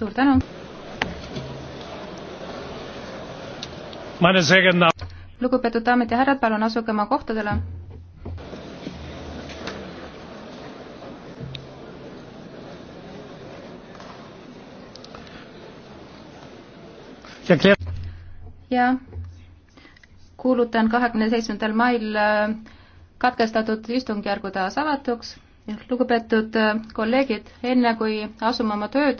suur tänu. lugupeetud daamid ja härrad, palun asuge oma kohtadele. ja kuulutan kahekümne seitsmendal mail äh, katkestatud istungjärgu taas avatuks. lugupeetud äh, kolleegid, enne kui asume oma tööd